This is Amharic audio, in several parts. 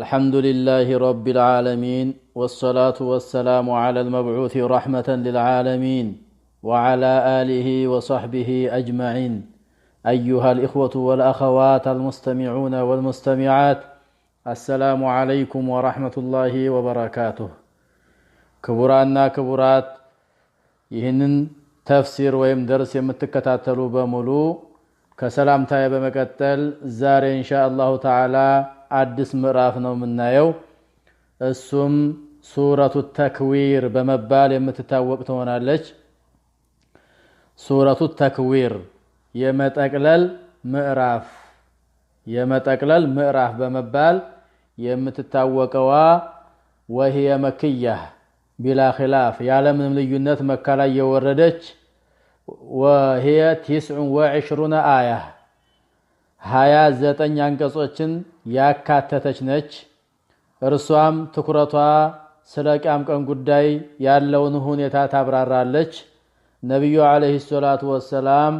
الحمد لله رب العالمين والصلاة والسلام على المبعوث رحمة للعالمين وعلى آله وصحبه أجمعين أيها الإخوة والأخوات المستمعون والمستمعات السلام عليكم ورحمة الله وبركاته كبرانا كبرات يهنن تفسير ويم درس يمتكتاتلو بملو كسلام تايب مكتل زار إن شاء الله تعالى አዲስ ምዕራፍ ነው የምናየው። እሱም ሱረቱ ተክዊር በመባል የምትታወቅ ትሆናለች። ሱረቱ ተክዊር የመጠቅለል ምዕራፍ የመጠቅለል ምዕራፍ በመባል የምትታወቀዋ ወህየ መክያ ቢላ ኺላፍ ያለምንም ልዩነት መካ ላይ የወረደች ወህየ ቲስዑን ወዕሽሩነ አያ ሀያ ዘጠኝ አንቀጾችን ያካተተች ነች። እርሷም ትኩረቷ ስለ ቂያም ቀን ጉዳይ ያለውን ሁኔታ ታብራራለች። ነቢዩ ዓለይሂ ሰላቱ ወሰላም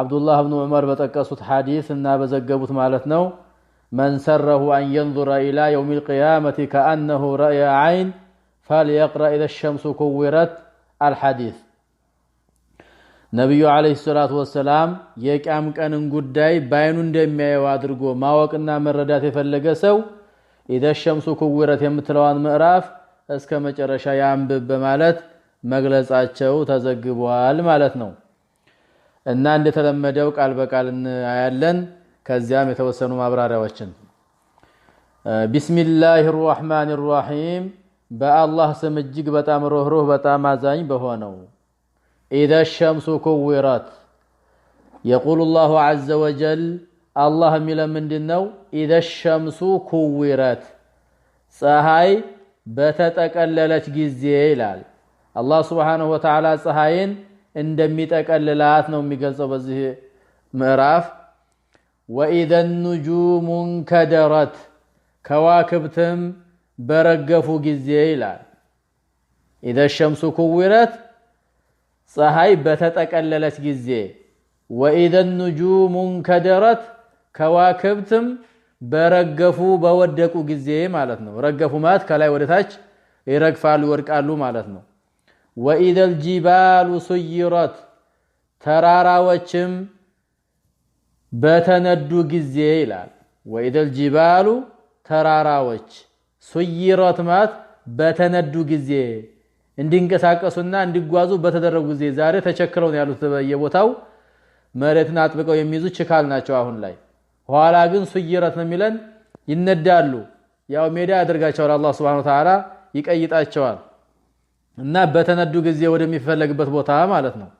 አብዱላህ ብኑ ዑመር በጠቀሱት ሐዲስ እና በዘገቡት ማለት ነው መን ሰረሁ አን የንዙረ ኢላ የውሚ ልቅያመቲ ከአነሁ ረእየ ዓይን ፈልየቅረእ ኢዘ ሸምሱ ኩዊረት አልሐዲስ ነቢዩ ዓለይሂ ሰላት ወሰላም የቅያም ቀንን ጉዳይ በአይኑ እንደሚያየው አድርጎ ማወቅና መረዳት የፈለገ ሰው ኢዘ ሸምሱ ክውረት የምትለዋን ምዕራፍ እስከ መጨረሻ ያንብብ በማለት መግለጻቸው ተዘግቧል ማለት ነው። እና እንደተለመደው ቃል በቃል እናያለን። ከዚያም የተወሰኑ ማብራሪያዎችን ቢስሚላህ ራሕማን ራሒም በአላህ ስም እጅግ በጣም ሮህሮህ በጣም አዛኝ በሆነው ኢዘ ሸምሱ ኩዊረት የቁሉ ላሁ ዐዘ ወጀል አላህ የሚለን ምንድን ነው? ኢዘ ሸምሱ ኩዊረት ፀሐይ በተጠቀለለች ጊዜ ይላል። አላህ ስብሓነሁ ወተዓላ ፀሐይን እንደሚጠቀልላት ነው የሚገልጸው በዚህ ምዕራፍ። ወኢዘ ኑጁሙ እንከደረት ከዋክብትም በረገፉ ጊዜ ይላል። ኢዘ ሸምሱ ኩዊረት ፀሐይ በተጠቀለለች ጊዜ ወኢዘ ኑጁሙ እንከደረት ከዋክብትም በረገፉ በወደቁ ጊዜ ማለት ነው። ረገፉ ማለት ከላይ ወደታች ይረግፋሉ ይወድቃሉ ማለት ነው። ወኢዘ ልጂባሉ ሱይረት ተራራዎችም በተነዱ ጊዜ ይላል። ወኢዘ ልጂባሉ ተራራዎች ሱይረት ማለት በተነዱ ጊዜ እንዲንቀሳቀሱና እንዲጓዙ በተደረጉ ጊዜ ዛሬ ተቸክለው ነው ያሉት በየቦታው መሬትን አጥብቀው የሚይዙ ችካል ናቸው አሁን ላይ። ኋላ ግን ሱይረት ነው የሚለን ይነዳሉ። ያው ሜዳ ያደርጋቸዋል አላህ ሱብሓነሁ ወተዓላ ይቀይጣቸዋል እና በተነዱ ጊዜ ወደሚፈለግበት ቦታ ማለት ነው።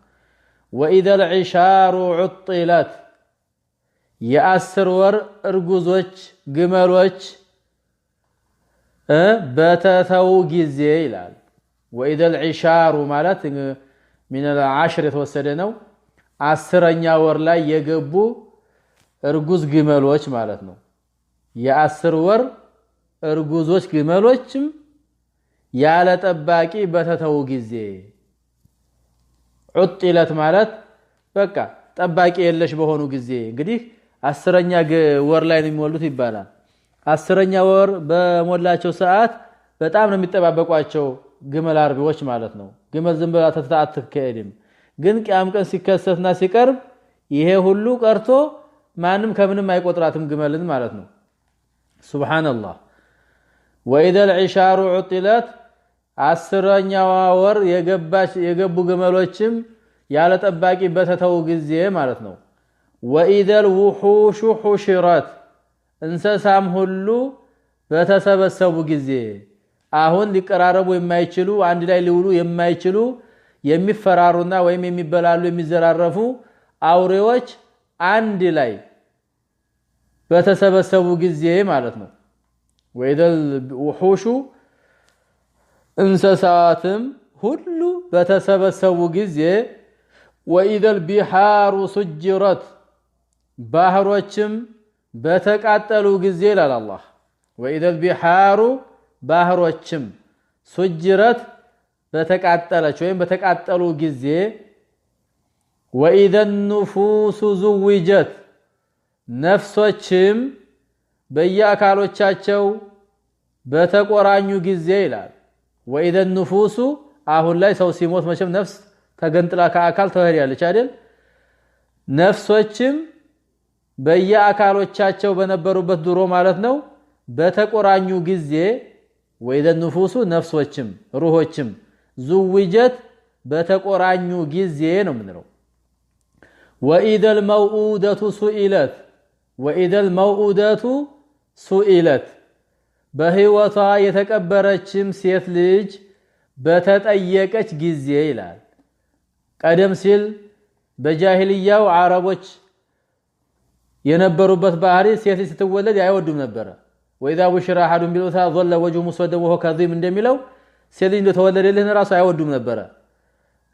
ወኢደ ልዕሻሩ ዑጢለት የአስር ወር እርጉዞች ግመሎች በተተው ጊዜ ይላል ወኢደል ዒሻሩ ማለት ሚነል ዓሽር የተወሰደ ነው። አስረኛ ወር ላይ የገቡ እርጉዝ ግመሎች ማለት ነው። የአስር ወር እርጉዞች ግመሎችም ያለ ጠባቂ በተተው ጊዜ ዑጢለት ማለት በቃ ጠባቂ የለሽ በሆኑ ጊዜ እንግዲህ አስረኛ ወር ላይ ነው የሚወሉት ይባላል። አስረኛ ወር በሞላቸው ሰዓት በጣም ነው የሚጠባበቋቸው ግመል አርቢዎች ማለት ነው። ግመል ዝም ብላ ተፍታ አትካሄድም። ግን ቅያም ቀን ሲከሰትና ሲቀርብ ይሄ ሁሉ ቀርቶ ማንም ከምንም አይቆጥራትም ግመልን ማለት ነው። ሱብሃነላህ። ወኢደል ዒሻሩ ዑጢለት አስረኛዋ ወር የገቡ ግመሎችም ያለ ጠባቂ በተተው ጊዜ ማለት ነው። ወኢደል ውሑሹ ሑሽረት እንስሳም ሁሉ በተሰበሰቡ ጊዜ አሁን ሊቀራረቡ የማይችሉ አንድ ላይ ሊውሉ የማይችሉ የሚፈራሩና ወይም የሚበላሉ የሚዘራረፉ አውሬዎች አንድ ላይ በተሰበሰቡ ጊዜ ማለት ነው። ወይደል ውሑሹ እንስሳትም ሁሉ በተሰበሰቡ ጊዜ ወኢደል ቢሃሩ ሱጅረት ባህሮችም በተቃጠሉ ጊዜ ይላል አላህ ወኢደል ቢሃሩ ባህሮችም ሱጅረት በተቃጠለች ወይም በተቃጠሉ ጊዜ ወኢዘ ኑፉሱ ዙዊጀት ነፍሶችም በየአካሎቻቸው በተቆራኙ ጊዜ ይላል። ወኢዘ ኑፉሱ አሁን ላይ ሰው ሲሞት መቼም ነፍስ ተገንጥላ ከአካል ትሄዳለች አይደል? ነፍሶችም በየአካሎቻቸው በነበሩበት ድሮ ማለት ነው በተቆራኙ ጊዜ ወይዘ ንፉሱ ነፍሶችም ሩሆችም ዙውጀት በተቆራኙ ጊዜ ነው የምንለው። ወኢደል መውኡደቱ ሱኢለት ወኢደል መውኡደቱ ሱኢለት በህይወቷ የተቀበረችም ሴት ልጅ በተጠየቀች ጊዜ ይላል። ቀደም ሲል በጃሂልያው አረቦች የነበሩበት ባህሪ ሴት ልጅ ስትወለድ አይወዱም ነበረ። ወኢዛ ቡሽራ አሐዱን ቢልኡንሳ ዞለ ወጅሁ ሙስወደን ወሆ ከዚም እንደሚለው ሴት ልጅ እንደተወለደልህን ራሱ አይወዱም ነበረ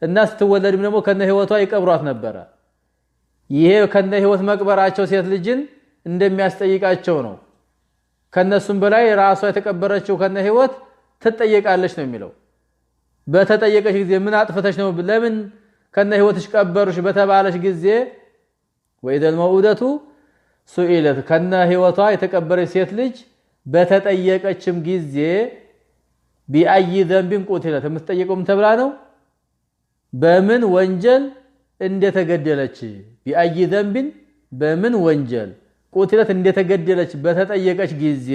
እና ስትወለድም ደግሞ ከነ ህይወቷ ይቀብሯት ነበረ። ይሄ ከነ ህይወት መቅበራቸው ሴት ልጅን እንደሚያስጠይቃቸው ነው። ከነሱም በላይ ራሷ የተቀበረችው ከነ ህይወት ትጠየቃለች ነው የሚለው። በተጠየቀች ጊዜ ምን አጥፍተች ነው ለምን ከነ ህይወትሽ ቀበሩሽ በተባለች ጊዜ ወኢዘል መውደቱ ሱኢለት ከነ ህይወቷ የተቀበረች ሴት ልጅ በተጠየቀችም ጊዜ ቢአይ ዘንቢን ቁትለት የምትጠየቀውም ተብላ ነው በምን ወንጀል እንደተገደለች ቢአይ ዘንቢን በምን ወንጀል ቁትለት እንደተገደለች በተጠየቀች ጊዜ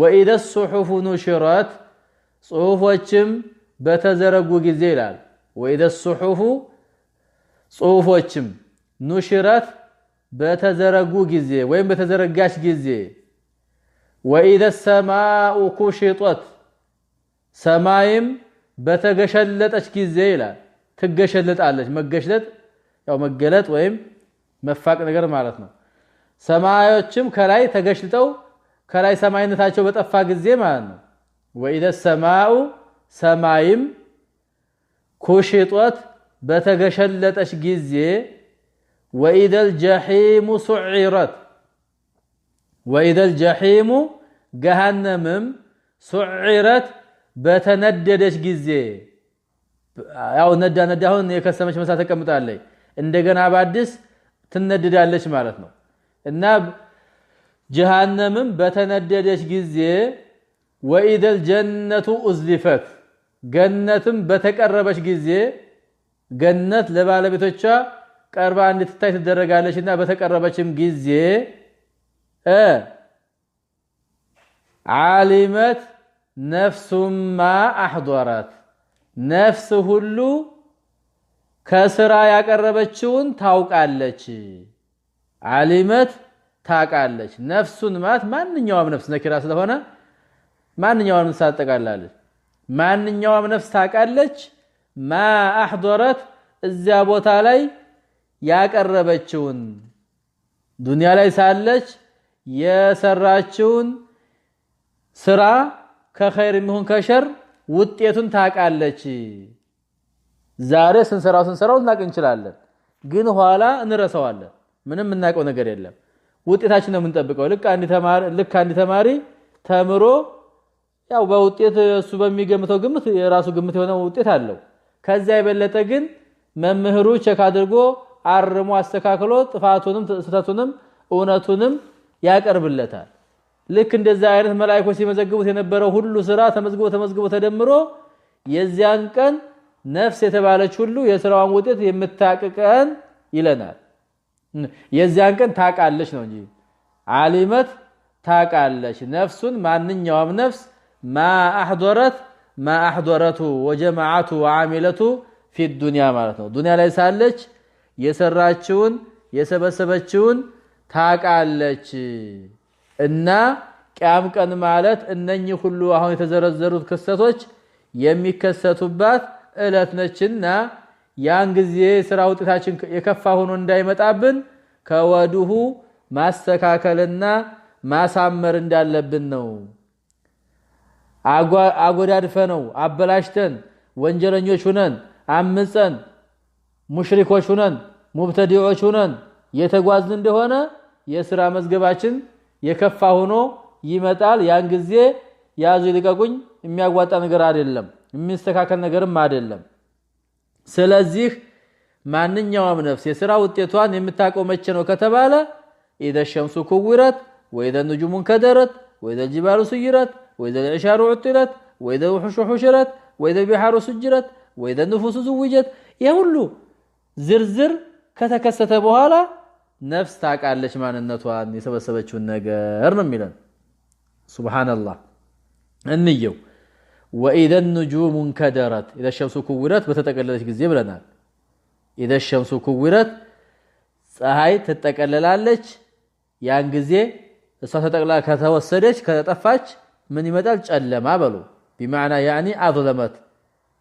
ወኢደ ሱሑፉ ኑሽረት ጽሑፎችም በተዘረጉ ጊዜ ይላል። ወኢደ ሱሑፉ ጽሑፎችም ኑሽረት በተዘረጉ ጊዜ ወይም በተዘረጋች ጊዜ ወኢዘ ሰማኡ ኩሽጦት ሰማይም በተገሸለጠች ጊዜ ይላል ትገሸለጣለች። መገሽለጥ ያው መገለጥ ወይም መፋቅ ነገር ማለት ነው። ሰማዮችም ከላይ ተገሽልጠው ከላይ ሰማይነታቸው በጠፋ ጊዜ ማለት ነው። ወኢዘ ሰማኡ ሰማይም ኩሽጦት በተገሸለጠች ጊዜ ወኢዘል ጀሒሙ ሱዒረት ወኢዘል ጀሒሙ ገሃነምም ሱዒረት በተነደደች ጊዜ ያው ነዳ ነዳ አሁን የከሰመች መሳ ተቀምጣለች። እንደገና በአዲስ ትነደዳለች ማለት ነው እና ጀሃነምም በተነደደች ጊዜ ወኢደል ጀነቱ ኡዝሊፈት ገነትም በተቀረበች ጊዜ ገነት ለባለቤቶቿ ቀርባ እንድትታይ ትደረጋለች እና በተቀረበችም ጊዜ ዓሊመት ነፍሱማ አሕዶረት ነፍስ ሁሉ ከስራ ያቀረበችውን ታውቃለች። ዓሊመት ታውቃለች። ነፍሱን ማለት ማንኛውም ነፍስ ነኪራ ስለሆነ ማንኛውም ነፍስ ታጠቃላለች። ማንኛውም ነፍስ ታውቃለች። ማ አሕዶረት እዚያ ቦታ ላይ ያቀረበችውን ዱንያ ላይ ሳለች የሰራችውን ስራ ከኸይር የሚሆን ከሸር ውጤቱን ታውቃለች። ዛሬ ስንሰራው ስንሰራው ልናቅ እንችላለን፣ ግን ኋላ እንረሳዋለን። ምንም የምናውቀው ነገር የለም። ውጤታችን ነው የምንጠብቀው። ልክ አንድ ተማሪ ተምሮ ያው በውጤት እሱ በሚገምተው ግምት የራሱ ግምት የሆነ ውጤት አለው። ከዚያ የበለጠ ግን መምህሩ ቸክ አድርጎ አርሞ አስተካክሎ ጥፋቱንም ስህተቱንም እውነቱንም ያቀርብለታል። ልክ እንደዛ አይነት መላእክቶች ሲመዘግቡት የነበረው ሁሉ ስራ ተመዝግቦ ተመዝግቦ ተደምሮ የዚያን ቀን ነፍስ የተባለች ሁሉ የስራዋን ውጤት የምታቅቀን ይለናል። የዚያን ቀን ታቃለች ነው እንጂ አሊመት ታቃለች። ነፍሱን ማንኛውም ነፍስ ማ አሕዶረት ማ አሕዶረቱ ወጀማዓቱ ወዓሚለቱ ፊ ዱንያ ማለት ነው። ዱንያ ላይ ሳለች የሰራችውን የሰበሰበችውን ታቃለች እና ቅያም ቀን ማለት እነኚህ ሁሉ አሁን የተዘረዘሩት ክስተቶች የሚከሰቱባት እለት ነችና ያን ጊዜ ስራ ውጤታችን የከፋ ሆኖ እንዳይመጣብን ከወዲሁ ማስተካከልና ማሳመር እንዳለብን ነው። አጎዳድፈ ነው አበላሽተን ወንጀለኞች ሁነን አምፀን ሙሽሪኮች ሁነን ሙብተዲዎች ሁነን የተጓዝን እንደሆነ የስራ መዝገባችን የከፋ ሆኖ ይመጣል። ያን ጊዜ ያዙ ይልቀቁኝ የሚያዋጣ ነገር አይደለም፣ የሚስተካከል ነገርም አይደለም። ስለዚህ ማንኛውም ነፍስ የስራ ውጤቷን የምታውቀው መቼ ነው ከተባለ ኢደ ሸምሱ ኩውረት ወኢደ ንጁሙ እንከደረት ወኢደ ልጅባሉ ስይረት ወኢደ ልዕሻሩ ዑጥለት ወኢደ ውሑሹ ሑሽረት ወኢደ ልቢሓሩ ስጅረት ወኢደ ንፉሱ ዝውጀት ይህ ሁሉ ዝርዝር ከተከሰተ በኋላ ነፍስ ታውቃለች ማንነቷን የሰበሰበችውን ነገር ነው የሚለን። ሱብሓነላህ እንየው። ወኢዘ ኑጁሙ እንከደረት ኢዘ ሸምሱ ኩውረት በተጠቀለለች ጊዜ ብለናል። ኢዘ ሸምሱ ኩውረት ፀሐይ ትጠቀለላለች። ያን ጊዜ እሷ ተጠቅላ ከተወሰደች ከጠፋች ምን ይመጣል? ጨለማ በሉ ቢማዕና ያኒ አዝለመት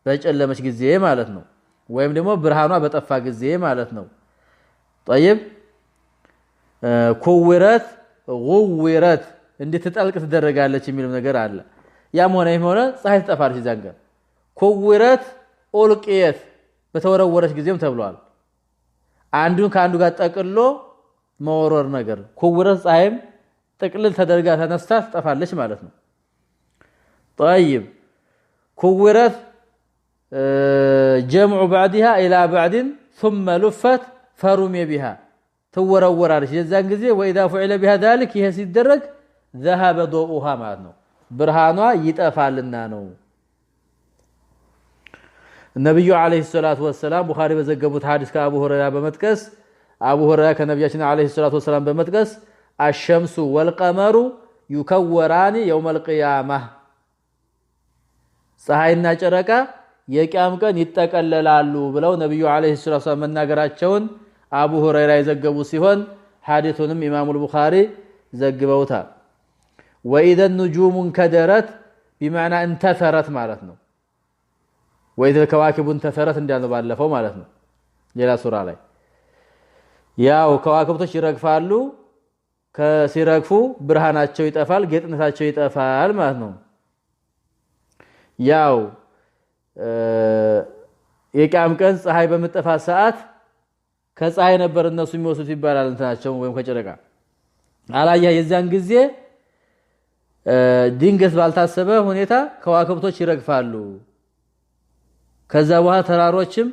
በጨለመች ጊዜ ማለት ነው። ወይም ደግሞ ብርሃኗ በጠፋ ጊዜ ማለት ነው። ጠይብ ኩውረት ውውረት እንድትጠልቅ ትደረጋለች የሚልም ነገር አለ። ያም ሆነ ይህም ሆነ ፀሐይ ትጠፋለች። እዚያን ቀን ኩውረት ኦልቅየት በተወረወረች ጊዜም ተብሏል። አንዱን ከአንዱ ጋር ጠቅሎ መወረር ነገር ኩውረት ፀሐይም ጥቅልል ተደርጋ ተነስታ ትጠፋለች ማለት ነው። ጠይብ ኩውረት ጀምዑ ባዕድሃ ኢላ ባዕድን ثመ ሉፈት ፈሩሜ ቢሃ ትወረወራለች። የዛን ጊዜ ወኢዛ ፉዕለ ቢሃ ዛሊክ ይሄ ሲደረግ ዘሀበ ዶኡሃ ማለት ነው፣ ብርሃኗ ይጠፋልና ነው። ነቢዩ ዓለይሂ ሰላቱ ወሰላም ቡኻሪ በዘገቡት ሐዲስ ከአቡ ሁረይራ በመጥቀስ አቡ ሁረይራ ከነቢያችን ዓለይሂ ሰላቱ ወሰላም በመጥቀስ አሸምሱ ወልቀመሩ ዩከወራኒ የውመል ቂያማ ፀሐይና ጨረቃ የቂያም ቀን ይጠቀለላሉ ብለው ነቢዩ ዓለይሂ ሰላቱ ወሰላም መናገራቸውን አቡ ሁረይራ የዘገቡ ሲሆን ሐዲሱንም ኢማሙ ልቡኻሪ ዘግበውታል። ወኢዘ ኑጁሙ እንከደረት ቢመዕና እንተሰረት ማለት ነው። ወኢዘ ከዋኪቡ እንተሰረት እንዳልነው ባለፈው ማለት ነው። ሌላ ሱራ ላይ ያው ከዋክብቶች ይረግፋሉ። ሲረግፉ ብርሃናቸው ይጠፋል፣ ጌጥነታቸው ይጠፋል ማለት ነው። ያው የቂያም ቀን ፀሐይ በምጠፋ ሰዓት ከፀሐይ ነበር እነሱ የሚወስዱት ይባላል እንትናቸው ወይም ከጨረቃ አላያ የዚያን ጊዜ ድንገት ባልታሰበ ሁኔታ ከዋክብቶች ይረግፋሉ። ከዛ በኋላ ተራሮችም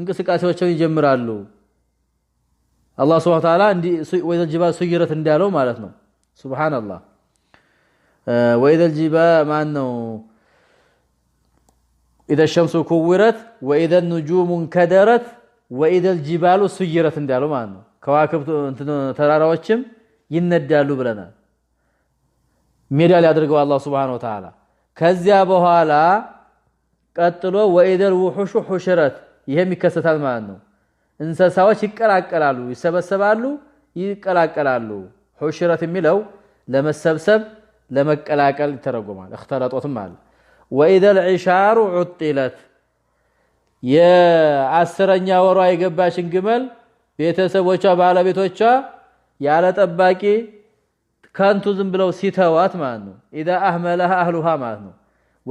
እንቅስቃሴዎቸውን ይጀምራሉ። አላህ ሱብሓነሁ ታላ እንዲ ወይዘል ሱይረት እንዳለው ማለት ነው። ሱብሃንአላህ ወይዘል ማን ነው? ኢደ ሸምሱ ኩውረት ወኢደ ኑጁሙን ከደረት وإذا الجبال سيرت اندالو مانو كواكب تراروشم ينندالو بلنا ميرا لا درغو الله سبحانه وتعالى كزيا بوهالا قتلو وإذا الوحوش حشرت يهمي كستال مانو انسا سواش يقراقرالو يسبسبالو يقراقرالو حشرت ميلو لما السبسب لما قلاقل ترغو مال اختارت وتمال واذا العشار عطلت የአስረኛ ወሯ የገባችን ግመል ቤተሰቦቿ ባለቤቶቿ ያለ ጠባቂ ከንቱ ዝም ብለው ሲተዋት ማለት ነው። ኢዛ አህመለሃ አህሉሃ ማለት ነው።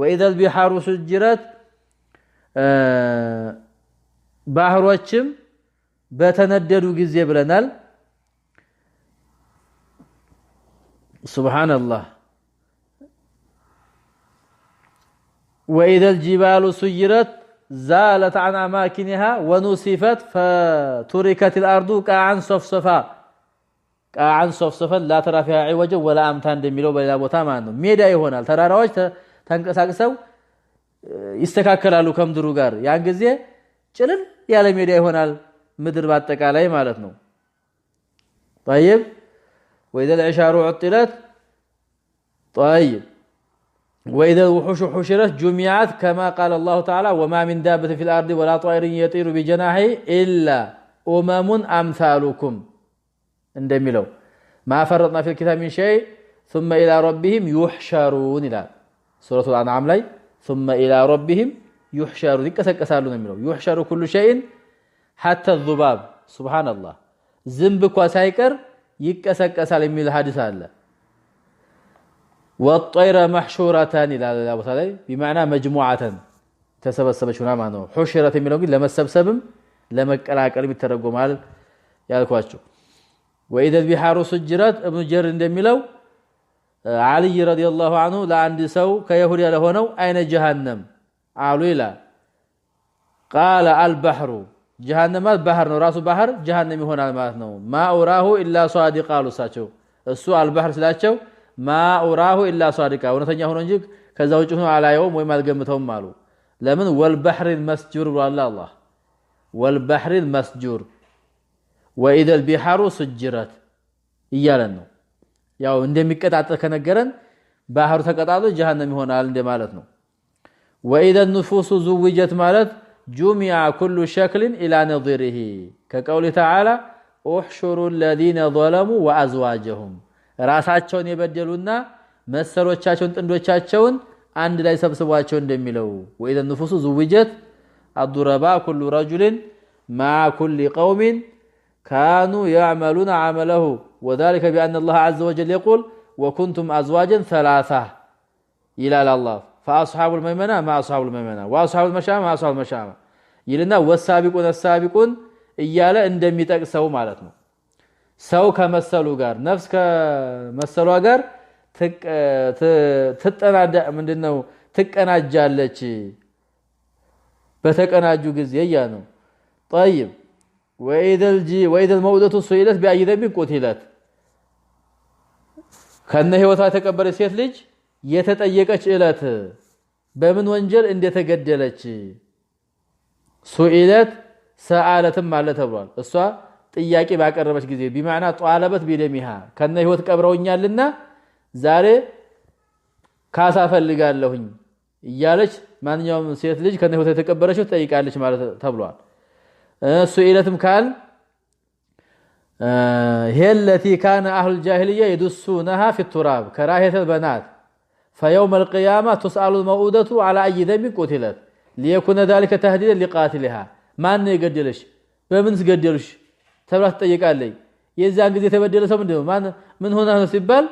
ወኢዛ ልቢሓሩ ሱጅረት ባህሮችም በተነደዱ ጊዜ ብለናል። ሱብሓነላህ ወኢዛ ልጂባሉ ሱይረት زالت عن أماكنها ونصفت فتركت الأرض كاعا صفصفا كاعا صفصفا لا ترى فيها عوجا ولا أمتان دميلو بلا بوتاما ميدا يهونا ترى روج تنكساكسو يستكاكل على كم دروغار يعني قزيه جلل يا لميدا يهونا مدر باتك علي مالتنا طيب وإذا العشار عطلت طيب وإذا الوحوش حشرت جمعت كما قال الله تعالى وما من دابة في الأرض ولا طائر يطير بجناحه إلا أمم أمثالكم اندميلو ما فرطنا في الكتاب من شيء ثم إلى ربهم يحشرون إلى سورة الأنعام لي ثم إلى ربهم يحشرون كسك أسالون اندميلو يحشر كل شيء حتى الذباب سبحان الله زنبك وسائكر يكسك أسال اندميلو حادث الله والطير محشورتان الى الله بمعنى مجموعه تسبسب شنا ما نو حشرت ميلوغ لما سبسبم لما قراقر بيترغو مال يالكواچو واذا البحار سجرت ابن جر اندميلو آه، علي رضي الله عنه لا عندي سو كيهود له هناو اين جهنم قالوا الى قال البحر جهنم ما البحر نو راسو بحر جهنم يهونال ما نو ما اوراه الا صادق قالوا ساچو السؤال البحر سلاچو ما أراه إلا صادقا ونتنيا هنا نجيك كذا وجهنا على يوم وما الجمتهم مالو لمن والبحر المسجور والله الله والبحر المسجور وإذا البحار سجرت إيالنا يا عندما كت عتك نجرن بحر تكت على جهنم هنا عند مالتنا وإذا النفوس زوجت مالت جمع كل شكل إلى نظيره كقول تعالى أحشر الذين ظلموا وأزواجهم ራሳቸውን የበደሉና መሰሎቻቸውን ጥንዶቻቸውን አንድ ላይ ሰብስቧቸው እንደሚለው ወኢዘ ንፉሱ ዝውጀት አዱረባ ኩሉ ረጁልን ማ ኩል ቀውሚን ካኑ ያዕመሉን ዓመለሁ ወዛሊከ ቢአን አላህ ዐዘ ወጀል የቁል ወኩንቱም አዝዋጀን ሰላሳ ይላል አላህ فأصحاب الميمنة ما أصحاب الميمنة وأصحاب المشأمة ما أصحاب المشأمة يلنا والسابقون السابقون إيالا اندمي تكسو مالتنا ሰው ከመሰሉ ጋር ነፍስ ከመሰሏ ጋር ትጠናዳ ምንድነው ትቀናጃለች በተቀናጁ ጊዜ ያ ነው طيب واذا الج واذا الموءودة سئلت بأي ከነ ህይወቷ የተቀበረች ሴት ልጅ የተጠየቀች እለት በምን ወንጀል እንደተገደለች ሱኢለት ሰአለትም ማለት ተብሏል እሷ ጥያቄ ባቀረበች ጊዜ ቢማዕና ጧለበት ቢደሚሃ ከነ ህይወት ቀብረውኛልና ዛሬ ካሳ ፈልጋለሁኝ እያለች ማንኛውም ሴት ልጅ ከነ ህይወት የተቀበረችው ትጠይቃለች ማለት ተብሏል። እሱ ኢለትም ካል ሄለቲ ካነ አህሉል ጃሂልያ የዱሱነሃ ፊቱራብ ከራሄተል በናት ፈየውም አልቅያማ ቱስአሉ መኡደቱ አላ አይ ደሚን ቁትለት ሊየኩነ ዛሊከ ተህዲደን ሊቃትልሃ ማን የገደለሽ በምንስ ገደሉሽ ተብላ ትጠይቃለች። የዚያን ጊዜ የተበደለ ሰው ምንድነው ምን ሆነ ነው ሲባል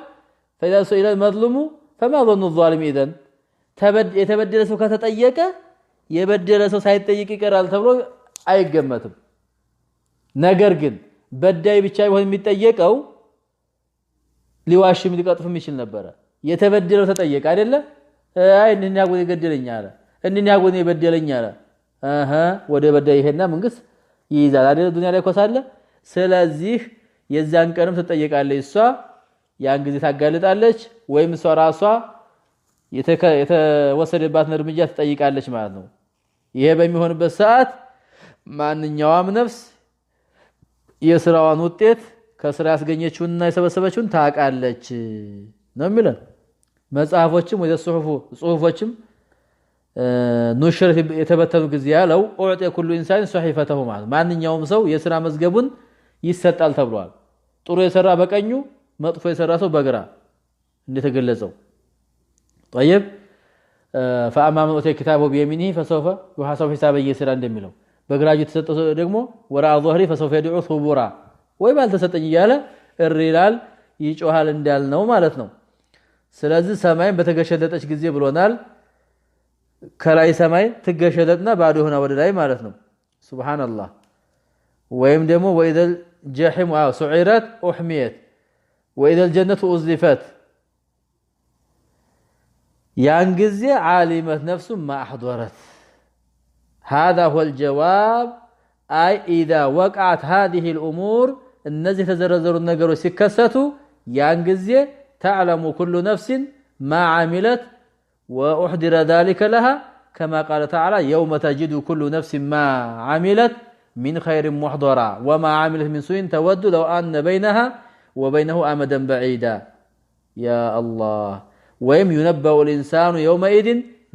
ፈኢዛ ሱኢለ መዝሉሙ ፈማ ዘኑ ዛሊም ኢዘን የተበደለ ሰው ከተጠየቀ የበደለ ሰው ሳይጠይቅ ይቀራል ተብሎ አይገመትም። ነገር ግን በዳይ ብቻ ቢሆን የሚጠየቀው ሊዋሽም ሊቀጥፍም ይችል ነበረ። የተበደለው ተጠየቀ አይደለ? አይ እንዲህ ያጎኔ ገደለኝ አለ፣ እንዲህ ያጎኔ በደለኝ አለ። ወደ በዳይ ይሄና መንግስት ይይዛል አይደለ? ዱንያ ላይ ኮሳለ ስለዚህ የዚያን ቀንም ትጠየቃለች። እሷ ያን ጊዜ ታጋልጣለች፣ ወይም እሷ ራሷ የተወሰደባትን እርምጃ ትጠይቃለች ማለት ነው። ይሄ በሚሆንበት ሰዓት ማንኛውም ነፍስ የስራዋን ውጤት ከስራ ያስገኘችውንና የሰበሰበችውን ታውቃለች ነው የሚለን። መጽሐፎችም ወደ ጽሁፎችም ኑሽር የተበተኑ ጊዜ ያለው ኡዕጢ ኩሉ ኢንሳን ሶሒፈተሁ ማለት ማንኛውም ሰው የስራ መዝገቡን ይሰጣል ተብሏል። ጥሩ የሰራ በቀኙ መጥፎ የሰራ ሰው በግራ እንደተገለጸው። ጠይብ ፈአማ መን ኡቲየ ኪታበሁ ቢየሚኒሂ ፈሰውፈ ዩሐሰቡ ሒሳበን የሲራ እንደሚለው በግራ እጁ የተሰጠ ደግሞ ወራአ ዙህሪ ፈሰውፈ የድዑ ሱቡራ ወይም አልተሰጠኝ እያለ እሪ ይላል ይጮሃል እንዳልነው ማለት ነው። ስለዚህ ሰማይን በተገሸለጠች ጊዜ ብሎናል። ከላይ ሰማይ ትገሸለጥና ባዶ ሆና ወደ ላይ ማለት ነው። ሱብሃነላህ ወይም ደግሞ ወይዘል جحيم آه سعرت أحميت وإذا الجنة أزلفت ينجزي عالمة نفس ما أحضرت هذا هو الجواب أي إذا وقعت هذه الأمور النزي تزرزر النقر سكسته ينجزي تعلم كل نفس ما عملت وأحضر ذلك لها كما قال تعالى يوم تجد كل نفس ما عملت من خير محضرة وما عملت من سوء تود لو أن بينها وبينه أمدا بعيدا يا الله ويم ينبأ الإنسان يومئذ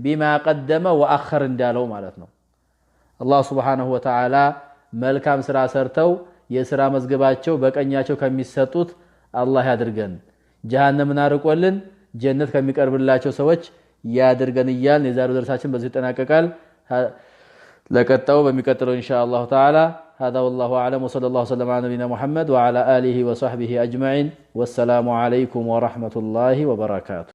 بما قدم وأخر داله مالتنا الله سبحانه وتعالى ملك سرا سرتو يسرا مزقباتشو بك أن ياتشو كم يستطوت الله يدرقن جهنم نار قولن جنة كم يقرب الله سوچ يدرقن إيال نزارو درساتشن بزيت أنا ككال ለቀጣው إن شاء الله تعالى هذا والله أعلم وصلى الله وسلم على نبينا محمد وعلى آله وصحبه أجمعين والسلام عليكم ورحمة الله وبركاته